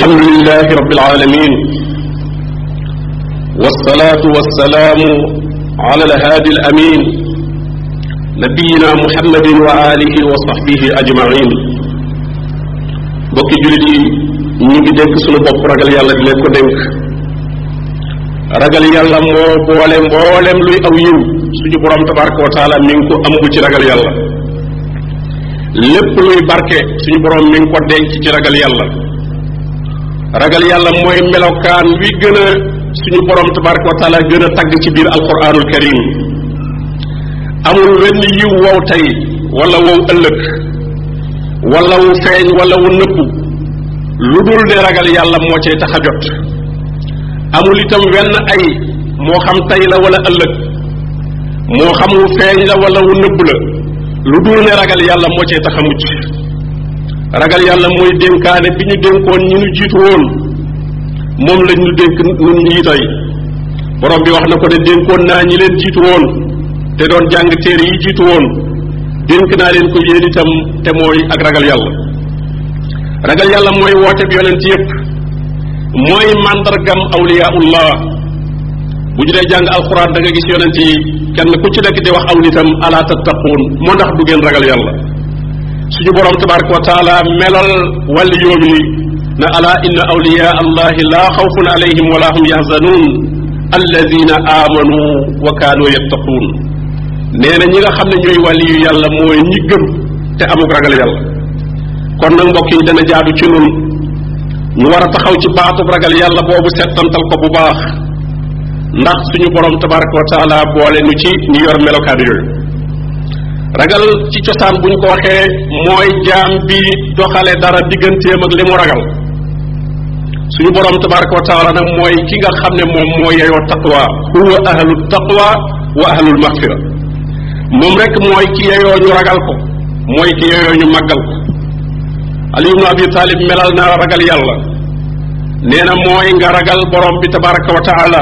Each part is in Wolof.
alhamdulilahi rabbil alamin wasalaatu wasalaamu ala alhaadi alamin nabiyina muhammadin wa wa sahbihi ajmain mbokki jullit yi ñu ngi dénk sunu bopp ragal yàlla di leen ko dénk ragal yàlla moo boole mboolem luy aw yiw suñu borom tabaraka wa taala mi ko am bu ci ragal yàlla lépp luy barke suñu borom mi ngi ko denc ci ragal yàlla ragal yàlla mooy melokaan wi gën a suñu borom tabaraka wa taala gën a tagg ci biir alquranul karim amul wenn yiw wow tey wala wow ëllëg wala wu feeñ wala wu nëbb lu dul ne ragal yàlla moo cay tax a jot amul itam wenn ay moo xam tey la wala ëllëg moo xam wu feeñ la wala wu nëbb la lu dul ne ragal yàlla moo cay tax a mucc ragal yàlla mooy dénkaane bi ñu dénkoon ñi ñu jiitu woon moom lañu ñu dénk nun ñii tey borom bi wax na ko ne dénkoon naa ñi leen jiitu woon te doon jàng téere yi jiitu woon dénk naa leen ko yéen itam te mooy ak ragal yàlla ragal yàlla mooy woote bi yonent yépp mooy màndargam awliyaullah bu ñu dee jàng alxuraan da nga gis yonent yi kenn ku ci nekk di wax aw nitam ala tattaquun moo ndax du ngeen ragal yàlla suñu borom tabaraka wa taala melal wàlli yoom yi na ala inna awliya allahi laa xawfun alayhim wala hum yahzanuun alladina aamanu wa kaanu yattaquun nee na ñi nga xam ne ñooy wàlli yu yàlla mooy ñi gëm te amuk ragal yàlla kon nag mbokk yi dana jaadu ci nun ñu war a taxaw ci baatub ragal yàlla boobu settantal ko bu baax ndax ñu borom tabaraka wa taala boole nu ci ñu yor melokaanu yooyu ragal ci cosaan bu ñu ko waxee mooy jaam bi doxale dara digganteem ak li mu ragal suñu borom tabaraka wa taala nag mooy ki nga xam ne moom moo yeyoo taqwa huwa ahlu taqwa wa ahlul maxfira moom rek mooy ki yeyoo ñu ragal ko mooy ki yeyoo ñu màggal ko ali ibnu abi taalib melal naa ragal yàlla nee na mooy nga ragal borom bi tabaraka wa taala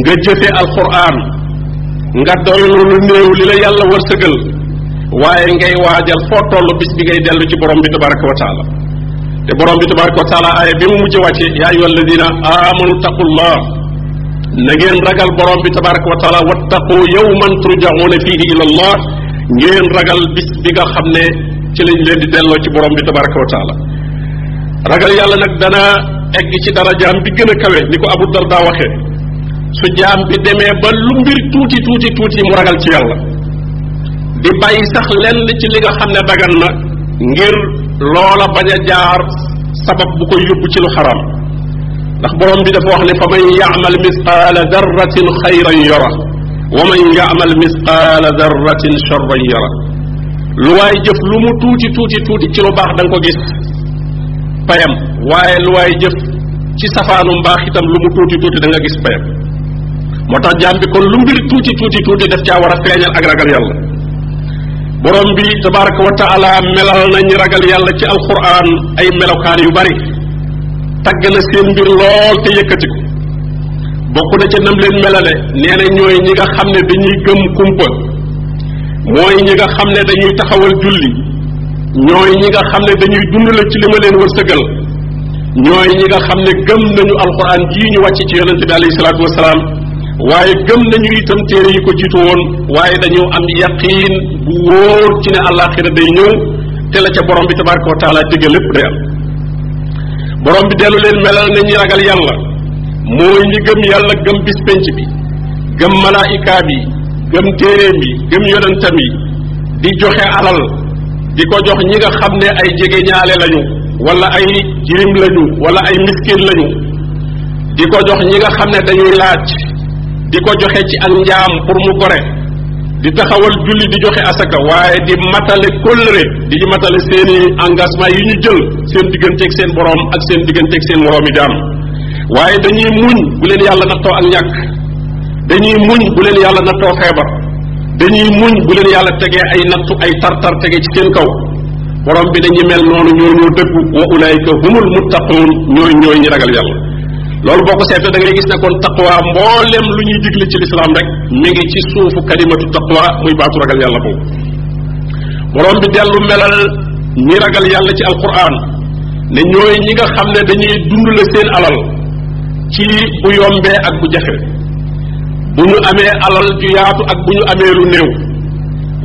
nga jëfe alquran nga doylu lu néew li la yàlla wërsëgal waaye ngay waajal foo toll bis bi ngay dellu ci borom bi tabaraka wa taala te borom bi tabaraka wa taala aaya bi mu mujj wàcce yaa ayyuha alladina amanu taqullah na ngeen ragal borom bi tabaraka wa taala wattaqu yawman turjauna fihi ila allah ngeen ragal bis bi nga xam ne ci lañ leen di delloo ci borom bi tabaraka wa taala ragal yàlla nag dana egg ci darajaam bi gën a kawe ni ko Abu Darda waxee su jaam bi demee ba lu mbir tuuti tuuti tuuti mu ragal ci yàlla di bàyyi sax lenn ci li nga xam ne dagan na ngir loola bañ a jaar sabab bu koy yóbbu ci lu xaram ndax borom bi dafa wax ne fa man yaamal misqaala darratin xayran yara wa man yaamal misqaala darratin sharran yara lu waaye jëf lu mu tuuti tuuti tuuti ci lu baax da nga ko gis payam waaye lu waaye jëf ci safaanu mbaax itam lu mu tuuti tuuti da nga gis payam moo tax jaam bi kon lu mbir tuuti tuuti tuuti daf caa war a feeñal ak ragal yàlla borom bi tabaraka wa taala melal nañ ragal yàlla ci alquran ay melokaan yu bari tagg na seen mbir lool te yëkkati ko bokk na ca nam leen melale nee na ñooy ñi nga xam ne dañuy gëm kumpa mooy ñi nga xam ne dañuy taxawal julli ñooy ñi nga xam ne dañuy dundale ci li ma leen wërsëgal ñooy ñi nga xam ne gëm nañu alquran jii ñu wàcc ci yonente bi alayhi salaatu wasalaam waaye gëm nañu itam téere yi ko jiitu woon waaye dañu am yaqiin bu wóor ci ne àllaaxira day ñëw te la ca borom bi tabaraka wa taala digga lépp day borom bi dellu leen melal ne ragal yàlla mooy ñi gëm yàlla gëm bis bi gëm malaayikaam yi gëm téereem yi gëm yonentam yi di joxe alal di ko jox ñi nga xam ne ay jege ñaale lañu wala ay jirim lañu wala ay miskin lañu di ko jox ñi nga xam ne dañuy laaj di ko joxe ci ak njaam pour mu gore di taxawal julli di joxe asaka waaye di matale kóllëre di matale seeni engagement yi ñu jël seen digganteeg seen borom ak seen digganteeg seen moroomi jaam waaye dañuy muñ bu leen yàlla nattoo ak ñàkk dañuy muñ bu leen yàlla nattoo xeebar dañuy muñ bu leen yàlla tegee ay nattu ay tartar tege ci seen kaw borom bi dañuy mel noonu ñoo ñoo dëggu wa ulaayika humul muttaquun ñooy ñooy ñi ragal yàlla loolu boo ko seetee da ngay gis ne kon taqwa mboolem lu ñuy digle ci lislaam rek mi ngi ci suufu kalimatu taqwa muy baatu ragal yàlla boobu borom bi dellu melal ñi ragal yàlla ci alquran ne ñooy ñi nga xam ne dañuy dund la seen alal ci bu yombee ak bu jafe bu ñu amee alal ju yaatu ak bu ñu amee lu néew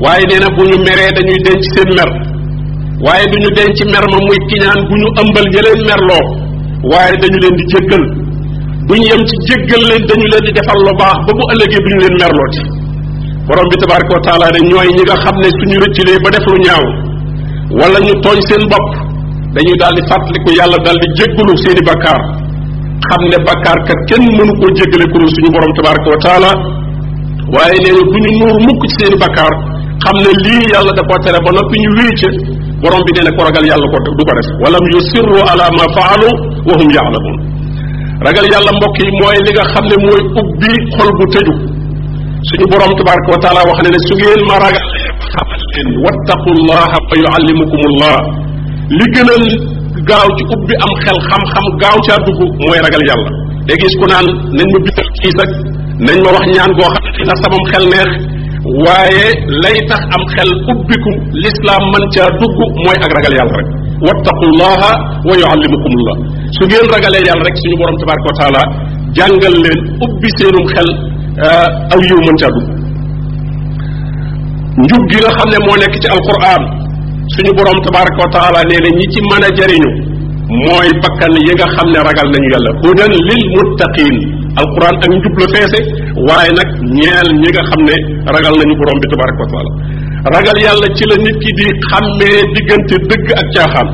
waaye nee na bu ñu meree dañuy denc seen mer waaye du ñu denc mer ma muy kiñaan bu ñu ëmbal ña leen merloo waaye dañu leen di jéggal bu duñ yem ci jéggal leen dañu leen di defal lu baax ba bu ëllëgee ñu leen merlooti borom bi tabaraka wa taala ne ñooy ñi nga xam ne suñu rëccilee ba def lu ñaaw wala ñu tooñ seen bopp dañuy daal di fàttaliku yàlla daal di jéggalu seen i bakkaar xam ne bakkaar kat kenn mënu koo jéggale ku dul suñu borom tabaraka wa taala waaye nee na duñu nuur mukk ci seen i bakkaar xam ne lii yàlla da koo tere ba noppi ñu wéy ca borom bi nee na ko ragal yàlla ko du ko def walam yusirru ala ma faalu wa hum yaalamun ragal yàlla mbokk yi mooy li nga xam ne mooy ubbi xol bu tëju suñu borom tabaraka wa taala wax ne ne su ngeen ma ma xamal li gën a gaaw ci ubbi am xel xam-xam gaaw caa dugg mooy ragal yàlla day gis nañ ma bindal nañ ma wax ñaan goo xam ne dina samam xel neex waaye lay tax am xel ubbiku lislaam man caa dugg mooy ak ragal yàlla rek wattaqullaha wa yuallimukumullah su ngeen ragalee yàlla rek suñu boroom tabaraka wa jàngal leen ubbi seenum xel euh, aw yiw mënta dugg njub gi nga xam ne moo nekk ci alquran suñu boroom tabaraka wa nee na ñi ci mën a jariñu mooy bakkan yi nga xam ne ragal nañu yàlla hudan lil muttaqin alquran ak njub la feese waaye nag ñeel ñi nga xam ne ragal nañu borom bi tabaraka wa taala ragal yàlla ci la nit ki di xàmmee diggante dëgg ak caaxaan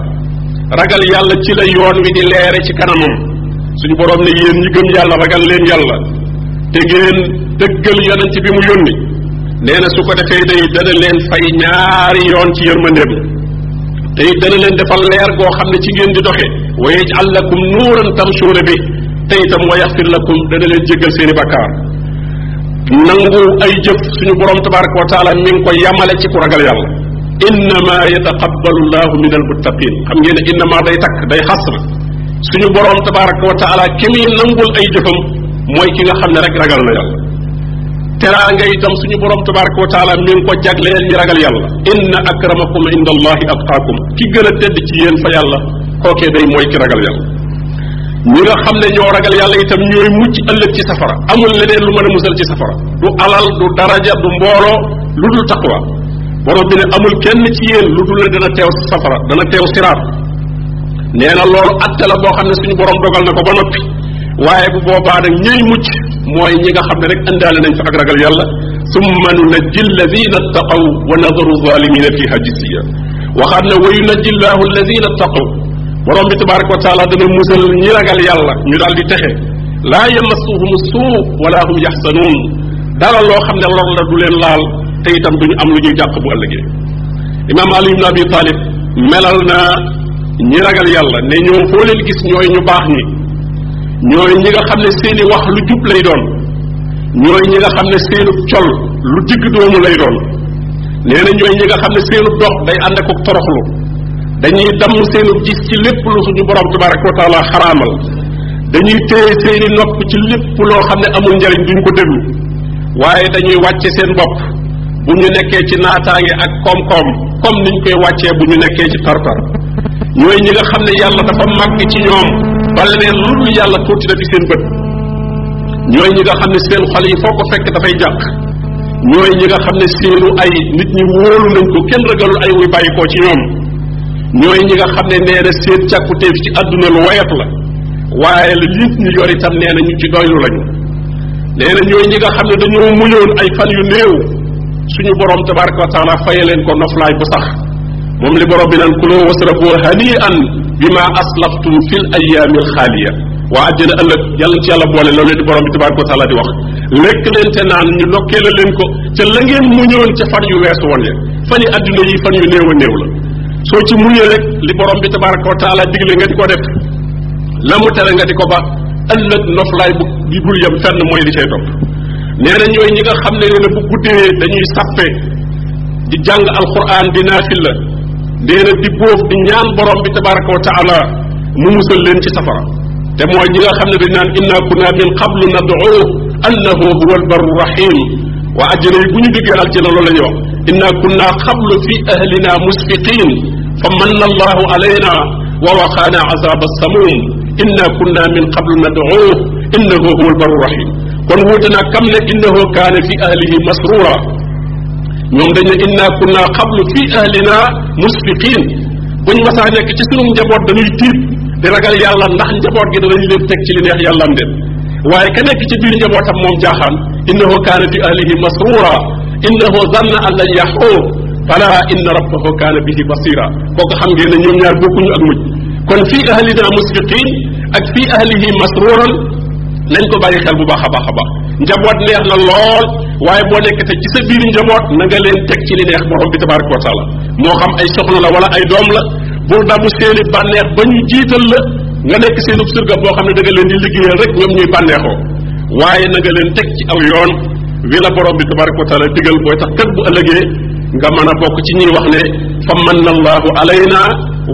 ragal yàlla ci la yoon wi di leere ci kanamam suñu boroom ne yéen ñi gëm yàlla ragal leen yàlla te ngeen dëggal yonent bi mu yónni nee na su ko defee day dana leen fay ñaari yoon ci yërmandeem te it dana leen defal leer goo xam ne ci ngeen di doxe wa yaj'al lakum nuuran tamshuuna bi te itam wa yaxfir lakum dana leen jéggal seeni bakkaar nangu ay jëf suñu boroom tabaraka wa taala mi ngi ko yamale ci ku ragal yàlla innama yataqabbalu llahu min almuttaqin xam ngeen ne innama day takk day xasr suñu boroom tabaraka wa taala ki muy nangul ay jëfam mooy ki nga xam ne rek ragal na yàlla teraanga itam suñu boroom tabaraka wa taala mi ngi ko jagleel ñi ragal yàlla inna akramakum inda allahi atqaakum ki gën a tedd ci yéen fa yàlla kookee mooy ki ragal yàlla xam ne ñoo ragal yàlla itam ñooy mucc ëllëg ci safara amul leneen lu mën a musal ci safara du alal du daraja du mbooloo lu dul taqwa borom bi ne amul kenn ci yéen lu dul dana teew safara dana teew siraat nee na loolu atte la boo xam ne suñu borom dogal na ko ba noppi waaye bu boobaa nag ñuy mucc mooy ñi nga xam ne rek indaale nañ fa ak ragal yàlla summa nunajji alladina ttaqaw wa nadaru zalimina fiha jisiya waxaat ne wa yunajji llahu alladina ttaqaw borom bi tabaraka wa taala dana musal ñi ragal yàlla ñu daal di texe laa yamassuhum suu wala hum yaxsanuun dara loo xam ne lor la du leen laal te itam duñu am lu ñuy jàq bu ëllëgee imaam ali ibn abi talib melal na ñi ragal yàlla ne ñoom foo leen gis ñooy ñu baax ñi ñooy ñi nga xam ne seeni wax lu jub lay doon ñooy ñi nga xam ne seenu col lu digg doomu lay doon nee na ñooy ñi nga xam ne seenu dox day ànd ak toroxlu dañuy damm seenu gis ci lépp lu suñu borom tabaraka wa xaraamal dañuy téye seeni nopp ci lépp loo xam ne amul njariñ duñ ko déglu waaye dañuy wàcce seen bopp bu ñu nekkee ci naataange ak koom-koom comme niñ koy wàccee bu ñu nekkee ci tortor ñooy ñi nga xam ne yàlla dafa màgg ci ñoom ba leneen lu dul yàlla tuuti na ci seen bët ñooy ñi nga xam ne seen xol yi foo ko fekk dafay jàq ñooy ñi nga xam ne ay nit ñi wóolu nañ ko kenn ragalul ay wuy bàyyikoo ci ñoom ñooy ñi nga xam ne nee na seen càkkuteef ci àdduna lu wayat la waaye la liit ñu yor itam nee ñu ci doylu lañu nee na ñooy ñi nga xam ne dañoo muñoon ay fan yu néew suñu borom tabaraka wa taala faye leen ko noflaay bu sax moom li borom bi naan kuloo wasrabu hani an bi ma aslaftum fil ayaami alxaaliya waa àjjana ëllëg yàlla ci yàlla boole loolu di borom bi tabaraka wa di wax leen ko ca la ngeen muñoon ca fan yu weesu woon ya fan yi adduna yi fan yu néew a néew la soo ci muñee rek li borom bi tabaraka wa taala digle nga di ko def la mu nga di ko ba ëllëg noflaay bu dul yem fenn mooy li cay topp nee na ñooy ñi nga xam ne nee na bu guddee dañuy sappe di jàng alquran di naafil la nee na di bóof di ñaan borom bi tabaraka wa taala mu musal leen ci safara te mooy ñi nga xam ne dañ naan inna kunna min qablu nad'u annahu huwa albarru rahim waa àjjana yi bu ñu duggee aljana loolu la ñuy wax inna kunna qablu fi ahlina musfiqin fa manna allahu alayna wa waqaana azaba samum inna kunna min qablu nad'uhu innahu huwa albarru rahim kon wuute naa kam ne innahu kaane fi ahlihi masrura ñoom dañ ne inna kunna xablu fi ahlina musfiqin buñ masaa nekk ci sunum njaboot dañuy tiit di ragal yàlla ndax njaboot gi danañ leen teg ci li neex yàlla am déet waaye ka nekk ci biir njabootam moom jaaxaan innahu kaane fi ahlihi masrura innahu zanna an lan yaxuur fala inna rabbahu kaane bihi basira kooku xam ngeen ne ñoom ñaar bokkuñu ak mujj kon fi ahlina musfiqin ak fi ahlihi masruran nañ ko bàyyi xel bu baax a baax a baax njaboot neex na lool waaye boo nekkate ci sa biir njaboot na nga leen teg ci li neex borom bi tabaraka wa taala moo xam ay soxna la wala ay doom la bul dabu seeni bànneex ba ñu jiital la nga nekk seen surga boo xam ne da leen di liggéeyal rek ñoom ñuy bànneexoo waaye na nga leen teg ci aw yoon wi la borom bi tabaraka wa taala digal booy tax kër bu ëllëgee nga mën a bokk ci ñuy wax ne fa mann allahu alayna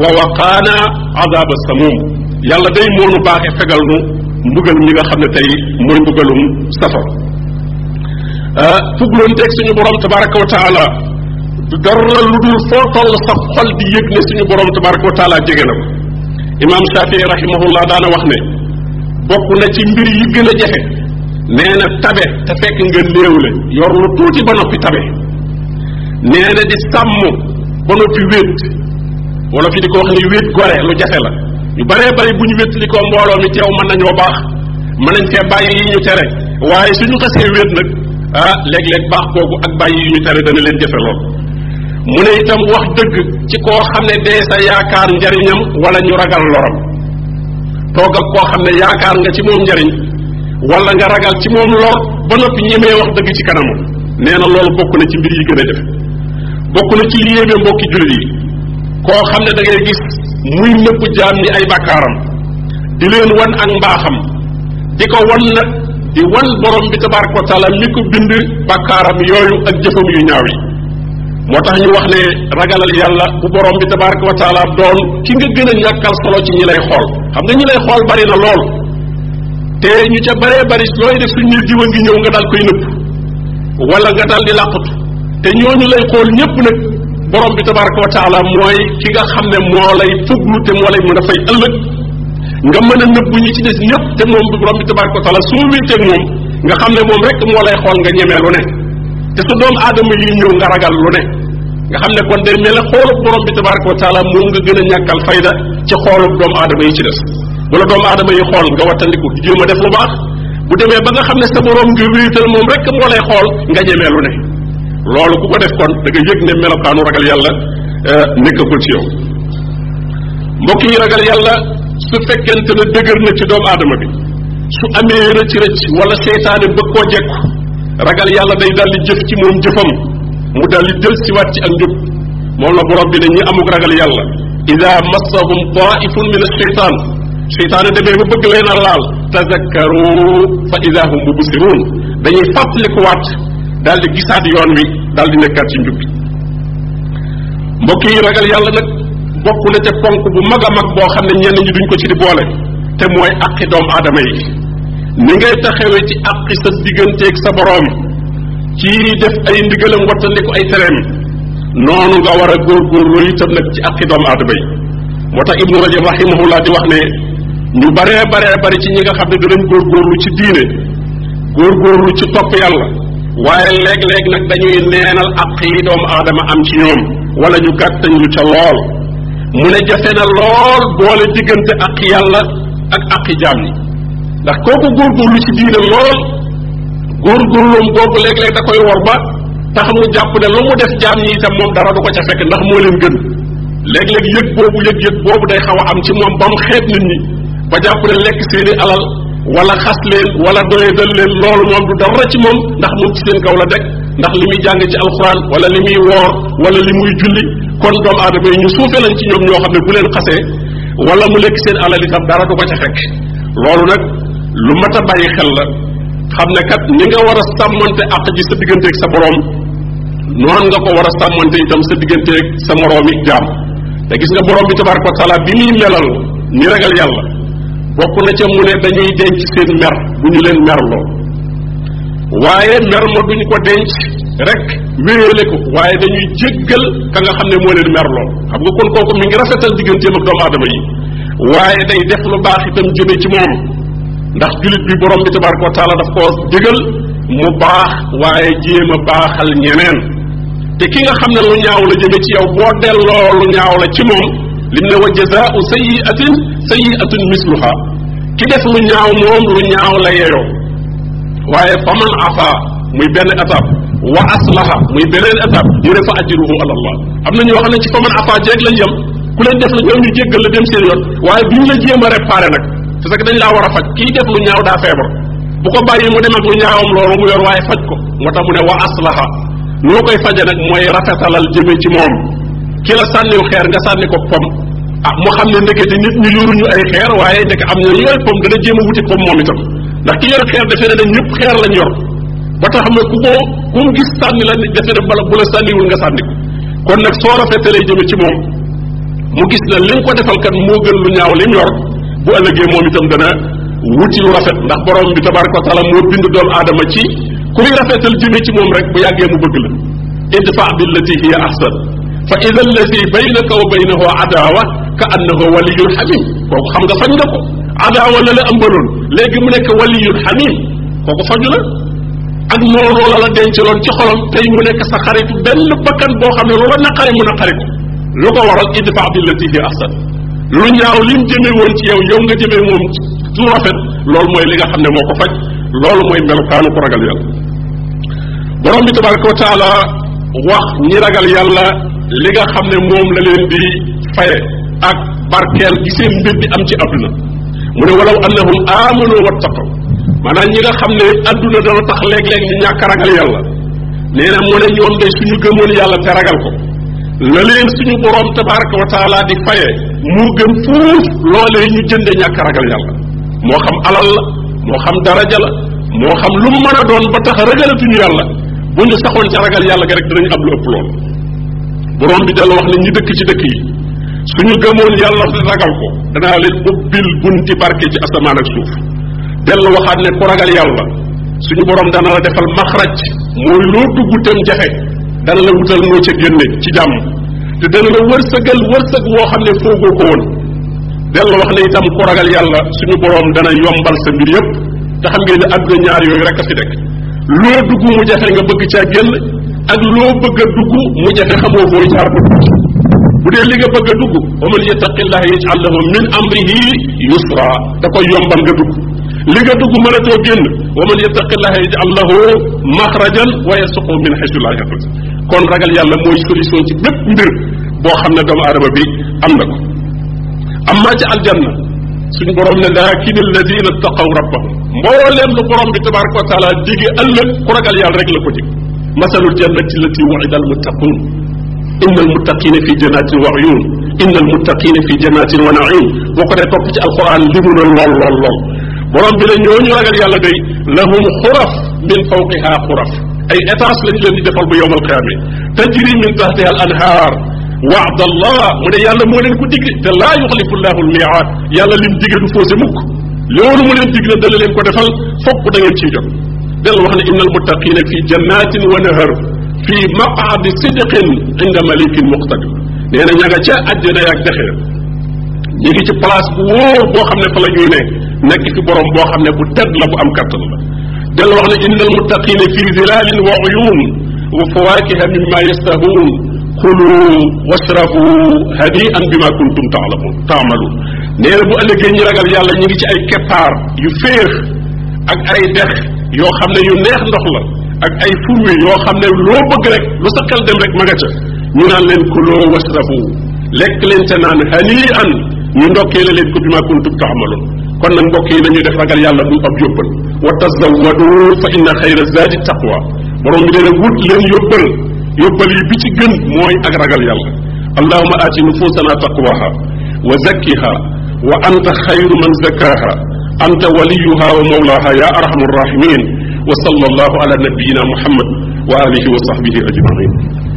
wa waqaana azaba samum yàlla day moonu baaxe fegal nu mbugalum li nga xam ne tey mooy mbugalum safara ah, fugloonteeg suñu borom tabaraka wa taala du dara lu dul foo toll sa xol di yëg ne suñu borom tabaraka wa taala jege na ko imaam Shafii rahimahullah daana wax ne bokk na ci mbir yi gën a jafe nee na tabe te fekk nga néewle yor lu tuuti ba noppi tabe nee na di sàmm ba noppi wéet wala fi di ko wax ni wéet gore lu jafe la ñu baree bari bu ñu wéttali ko mbooloo mi teew mën nañoo baax mën nañ fee bàyyi yi ñu tere waaye suñu xasee wéet nag ah léeg-léeg baax kooku ak bàyyi yi ñu tere dana leen jafe lool mu ne itam wax dëgg ci koo xam ne dee sa yaakaar njariñam wala ñu ragal loram toog ak koo xam ne yaakaar nga ci moom njariñ wala nga ragal ci moom lor ba noppi ñemee wax dëgg ci kanamam nee na loolu bokk na ci mbir yi gën a def bokk na ci li yéeme mbokki jullit yi koo xam ne da muy nëbb jaam ñi ay bàkkaaram di leen wan ak mbaaxam di ko wan nag di wan borom bi tabaraka wa taala mi ko bind bàkkaaram yooyu ak jëfam yu ñaaw yi moo tax ñu wax ne ragalal yàlla bu borom bi tabaraka wa taala doon ki nga gën a ñàkkal solo ci ñi lay xool xam nga ñi lay xool bari na lool te ñu ca baree bari looy def suñ ne diwa ngi ñëw nga daal koy nëbb wala nga daal di làqutu te ñooñu lay xool ñépp nag borom bi tabaraka wa taala mooy ki nga xam ne moo lay fuglu te moo lay mën a fay ëllëg nga mën a nëbbu ñi ci des ñëpp te moom bi borom bi tabaraka wa taala soo wéeteeg moom nga xam ne moom rek moo lay xool nga ñemee lu ne te su doomu aadama yi ragal lu ne nga xam ne kon day mel ne xoolub borom bi tabaraka wa taala moom nga gën a ñàkkal fayda ci xoolub doomu aadama yi ci des bu la doomu aadama yi xool nga wattandiku di jéem def lu baax bu demee ba nga xam ne sa borom nga wéetal moom rek moo lay xool nga ñemee lu ne loolu ku ko def kon da nga yëg ne melokaanu ragal yàlla euh, nekkagul ci yow mbokk yi ragal yàlla su fekkente ne dëgër na ci doomu aadama bi su amee rëcc rëcc wala seytaane bëgg koo jekku ragal yàlla day di jëf ci moom jëfam mu daldi dël siwaat ci ak njub moom la borom bi ne ñi amuk ragal yàlla ida massahum taifun min asheytaan seytaane demee ba bëgg leen a laal tazakkaru fa ida hum mubsiruun dañuy waat daal di gisaat yoon wi daal di nekkaat ci njub bi mbokk yi ragal yàlla nag bokk na ca ponk bu mag a mag boo xam ne ñenn ñi duñ ko ci di boole te mooy aqi doomu adama yi ni ngay taxawee ci aqi sa digganteeg sa boroom ci def ay ndigalam wattandiku ay tereem noonu nga góor góor góorgóorlu itam nag ci aqi doomu aadama yi moo tax ibnu rajab rahimahullah di wax ne ñu baree baree bari ci ñi nga xam ne góor góorgóorlu ci diine góorgóorlu ci topp yàlla waaye léeg-léeg nag dañuy neenal àq yi doomu aadama am ci ñoom wala ñu gàttañ lu ca lool mu ne jafe na lool boole diggante àq yàlla ak àqi jaam ni ndax kooku góorgóorlu ci diine lool góorgóorloom googu léeg-léeg da koy wor ba tax mu jàpp ne lu mu def jaam yi itam moom dara du ko ca fekk ndax moo leen gën léeg-léeg yëg boobu yëg-yëg boobu day xaw a am ci moom ba mu xeet nit ñi ba jàpp ne lekk seeni alal wala xas leen wala doyadal leen loolu moom du dara ci moom ndax moom ci seen kaw la dekk ndax li muy jàng ci alxuraan wala li muy woor wala li muy julli kon doomu aadama yi ñu suufe lañ ci ñoom ñoo xam ne bu leen xasee wala mu lekk seen alal itam dara du ko ca fekk loolu nag lu mat a bàyyi xel la xam ne kat ni nga war a sàmmante àq ji sa digganteeg sa boroom noonu nga ko war a sàmmante itam sa digganteeg sa moroomi jaam te gis nga boroom bi tabaraka wa taala bi muy melal ni ragal yàlla bokk na ca mu ne dañuy denc seen mer bu ñu leen merloo waaye mer ma duñ ko denc rek wéyale ko waaye dañuy jéggal ka nga xam ne moo leen merloo xam nga kon kooku mi ngi rafetal digganteem ak doomu aadama yi waaye day def lu baax itam jëme ci moom ndax jullit bi borom bi tabaraka wa taala daf koo digal mu baax waaye jéem a baaxal ñeneen te ki nga xam ne lu ñaaw la jëme ci yow boo delloo lu ñaaw la ci moom lim ne wa jazaau sayiatin sayiatun misluha ki def lu ñaaw moom lu ñaaw la yeyoo waaye fa man afa muy benn étape wa aslaha muy beneen étape mu ne fa ajruhu ala allah am na ñoo xam ne ci fa man afa jeeg lañ yem ku leen def la ñoom ñu jéggal la dem seen yoon waaye bi ñu la jéem a réparé nag parce que dañ laa war a faj kii def lu ñaaw daa feebar bu ko bàyyi mu dem ak lu ñaawam loolu mu yor waaye faj ko moo tax mu ne wa aslaha loo koy faje nag mooy rafetalal jëme ci moom ki la sànnil xeer nga sànni ko pom ah moo xam ne ndekete nit ñu yoruñu ay xeer waaye ndek am na ñu yor pom dana jéem a wuti pom moom itam ndax ki yor xeer dafee ne dañ ñëpp xeer lañ yor ba tax ma ku ko ku mu gis sànni la dafee ne bala bu la sànniwul nga sànni ko kon nag soo rafetee lay jëme ci moom mu gis na li nga ko defal kat moo gën lu ñaaw lim yor bu ëllëgee moom itam dana wuti lu rafet ndax borom bi tabaraka wa taala moo bind doomu aadama ci ku muy rafetal moom rek bu yàggee mu bëgg la idfa billati hiya ahsan fa ida alladi baynaka wa baynahu adaawa ka annahu waliyun xamim kooku xam nga faj nga ko adaawa la la ëmbaloon léegi mu nekk waliyun xamim kooku faju na ak noonu la la dencaloon ci xolam tey mu nekk sa xaritu benn bakkan boo xam ne lu la naqari mu naqari ko lu ko waral idfa billati hi ahsan lu ñaaw li mu jëmee woon ci yow yow nga jëmee moom su rafet loolu mooy li nga xam ne moo ko faj loolu mooy melukaanu ko ragal yàlla borom bi tabaraka wa taala wax ñi ragal yàlla li nga xam ne moom la leen di faye ak barkeel gi seen mbir di am ci adduna mu ne walaw annahum amanu wattaqaw maanaam ñi nga xam ne adduna dana tax léeg-léeg ñu ñàkk a ragal yàlla nee na mu ne ñoom de suñu gëmoon yàlla te ragal ko la leen suñu borom tabaraka wa taala di faye moo gën fuuf loolee ñu jënde ñàkk a ragal yàlla moo xam alal la moo xam daraja la moo xam lu mu mën a doon ba tax ragalatuñu yàlla bu ñu saxoon ca ragal yàlla ga rek dinañu am lu ëpp borom bi dala wax ne ñi dëkk ci dëkk yi suñu gëmoon yàlla ragal ko danaa leen ubbil bunti barke ci asamaan ak suuf dellu waxaat ne ku ragal yàlla suñu borom dana la defal maxraj mooy loo dugg tem jafe dana la wutal noo ca génne ci jàmm te dana la wërsëgal woo xam ne foogoo ko woon dellu wax ne itam ku ragal yàlla suñu borom dana yombal sa mbir yépp te xam ngeen ne àdduna ñaar yooyu rek a fi nekk loo dugg mu jafe nga bëgg caa génn ak loo bëgg a dugg mu jafe xamoo booy jaar ba dugg bu dee li nga bëgg a dugg wa man yattaqillaha yaj'al lahu min amrihi yusra da koy yombal nga dugg li nga dugg mënatoo génn wa man yattaqillaha yaj'al lahu maxrajan wa yarzuqhu min haythu la yahtasib kon ragal yàlla mooy solution ci bépp mbir boo xam ne doomu aadama bi am na ko amma ci aljanna suñ borom ne laakin alladina taqaw rabbahum mbooleem lu borom bi tabaraka wa taala jige ëllëg ku ragal yàlla rek la ko jig masalul jannati allati wu'ida almuttaqun inna almuttaqina fi jannatin wa uyun inna almuttaqina fi jannatin wa na'im boo ko dee topp ci alquran limu na lool lool lool borom bi ne ñooñu ragal yàlla day lahum xuraf min fawqiha xuraf ay étages lañu leen di defal ba yowmal qiyaama tajri min tahtiha al anhaar waad allah mu ne yàlla moo leen ko digle te laa yuxlifu llahu almiaad yàlla lim digle du faussé mukk loolu mu leen digle dana leen ko defal fokk da ngeen ciy jot del wax ne inna almuttaqina fi jannatin wa nahar fi maqaadi sidqin inda malikin muqtadir nee na ña nga ca àjjana yaag dexee ñu ngi ci place boo xam ne fa la ñuy ne nekk fi borom boo xam ne bu tedd la bu am kattan la del wax ne inna almuttaqina fi zilalin wa uyun wo fawakiha mimma yastahun kulu washrabu hadian bima kuntum taalamun taamaluun nee na bu ëllëgee ñi ragal yàlla ñu ci ay keppaar yu féex ak ay dex yoo xam ne yu neex ndox la ak ay fruits yoo xam ne loo bëgg rek lu sa xel dem rek ma nga ca ñu naan leen kuloo wasrabu lekk leen te naan hanii an ñu ndokkee la leen ko bi ma kuntum taamaloon kon nag mbokk yi nañuy def ragal yàlla du ab yóbbal wa tazawadu fa inna xayra zaadi taqwa borom bi dana wut leen yóbbal yóbbal yi bi ci gën mooy ak ragal yàlla allahuma aati nufusana taqwaha wa zakkiha wa anta xayru man zakkaha anta waliyuha wa mawlaha ya arhamu arrahimin wa sallallahu ala nabiyina muhammad wa alihi wa sahbihi ajmain